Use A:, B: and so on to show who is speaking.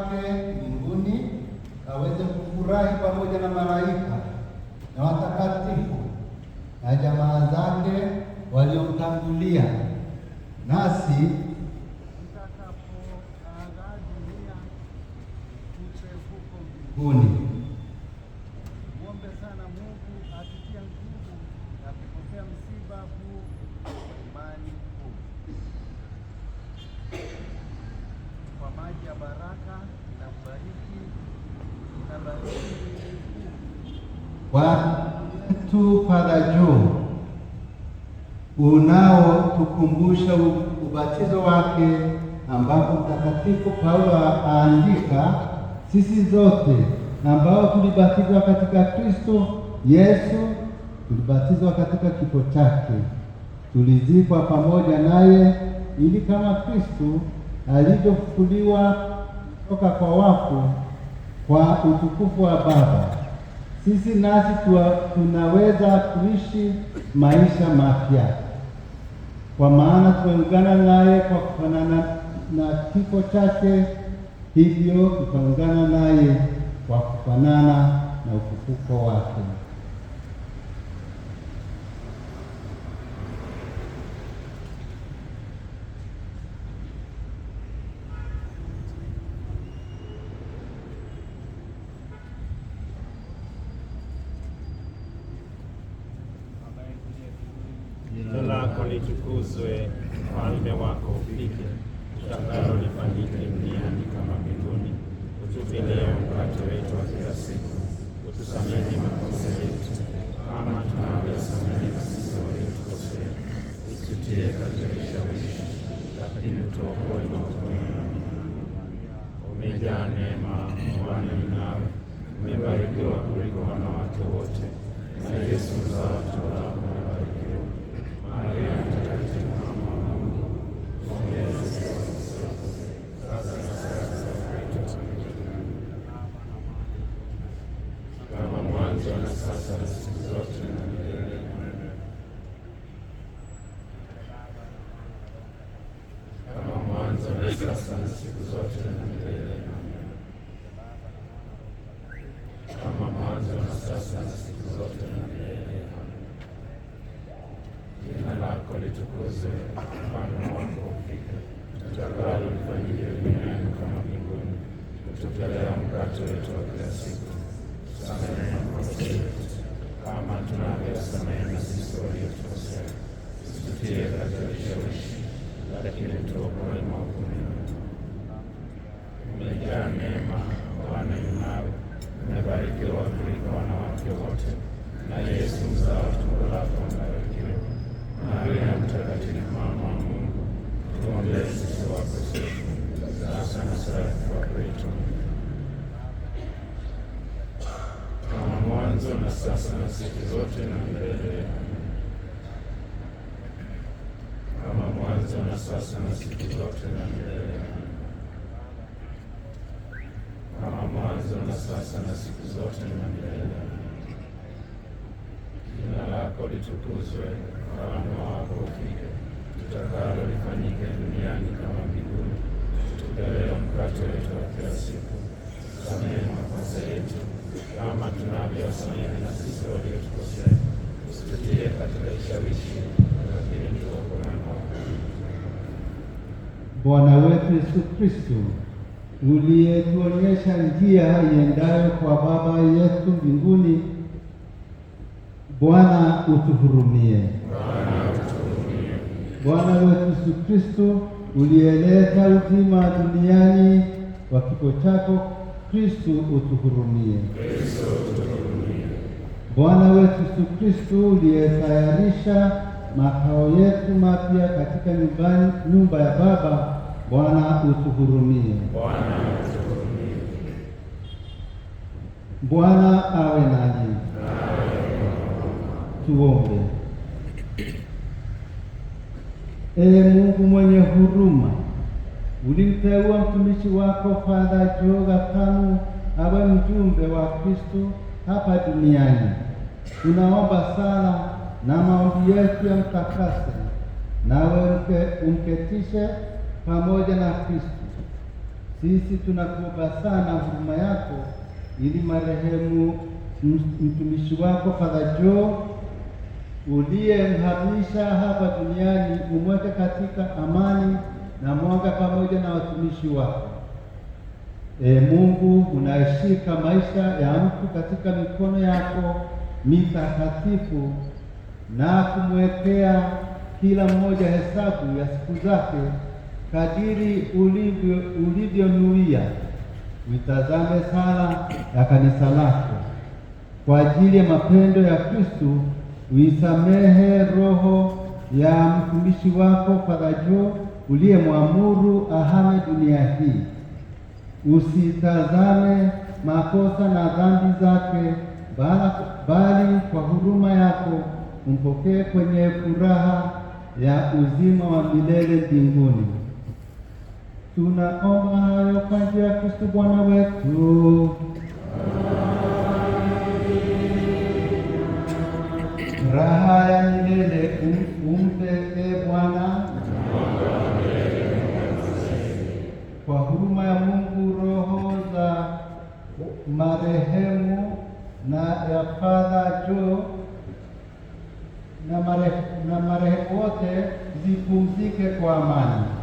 A: wake mbinguni, aweze kufurahi pamoja na malaika na watakatifu na jamaa zake waliomtangulia, nasi tutakapoaga
B: dunia huko mbinguni.
A: watu para juu unaotukumbusha ubatizo wake, ambapo Mtakatifu Paulo aandika, sisi zote ambao tulibatizwa katika Kristo Yesu tulibatizwa katika kifo chake, tulizikwa pamoja naye, ili kama Kristo alivyofufuliwa kutoka kwa wafu kwa utukufu wa Baba, sisi nasi tunaweza kuishi maisha mapya, kwa maana tumeungana naye kwa kufanana na kifo chake, hivyo tutaungana naye kwa kufanana na ufufuko wake.
C: utukuzwe ufalme wako ufike, utakalo lifanyike duniani kama mbinguni. Utupe leo mkate wetu wa kila siku, utusamehe makosa yetu kama tunavyosamehe sisi waliotukosea, usitie katika kishawishi, lakini utuokoe maovu. Umejaa neema, Bwana ni nawe, umebarikiwa kuliko wanawake wote macho yetu ya kila siku. Samehe makosa kama tunavyosamehe na sisi waliotukosea, usitutie katika vishawishi, lakini tuokoe maovu. Umejaa neema, Bwana yu nawe, umebarikiwa kuliko wanawake wote, na Yesu mzao wa tumbo lako amebarikiwa. Maria Mtakatifu, mama wa Mungu, tuombee sisi wakosaji sasa na siku zote na milele. Kama mwanzo na sasa na siku zote na milele. Kama mwanzo na sasa na siku zote na milele. Jina lako litukuzwe, ufalme wako ufike, utakalo lifanyike duniani kama mbinguni. Tupe leo mkate wetu wa kila siku tunavyowasamehe na sisi waliotukosea, usitutie katika kishawishi, lakini tuokoe na maovu.
A: Bwana wetu Yesu Kristo, uliyetuonyesha njia iendayo kwa Baba yetu mbinguni, Bwana utuhurumie. Bwana wetu Yesu Kristo, uliyeleta uzima duniani kwa kifo chako Kristu utuhurumie. Bwana wetu Yesu Kristu uliyetayarisha makao yetu mapya katika nyumbani nyumba ya Baba, Bwana utuhurumie. Bwana awe nanyi. Tuombe. Ee Mungu mwenye huruma Ulimteua mtumishi wako fadha Gioga Kanu awe mjumbe wa Kristo hapa duniani. Tunaomba sana na maombi yetu ya mtakase, nawe umketishe pamoja na Kristo. Sisi tunakuomba sana huruma yako, ili marehemu mtumishi wako Padre Gioga uliyemhamisha hapa duniani umweke katika amani na mwanga pamoja na watumishi wako. E Mungu, unayeshika maisha ya mtu katika mikono yako mitakatifu na kumwekea kila mmoja hesabu ya siku zake kadiri ulivyonuia, mitazame sala ya kanisa lako kwa ajili ya mapendo ya Kristo, uisamehe roho ya mtumishi wako Padre uliyemwamuru ahame dunia hii. Usitazame makosa na dhambi zake, bali kwa huruma yako umpokee kwenye furaha ya uzima wa milele mbinguni. Tunaomba hayo kwa njia ya Kristo Bwana wetu. marehemu na ya Padre Joe na marehemu wote zipumzike kwa amani.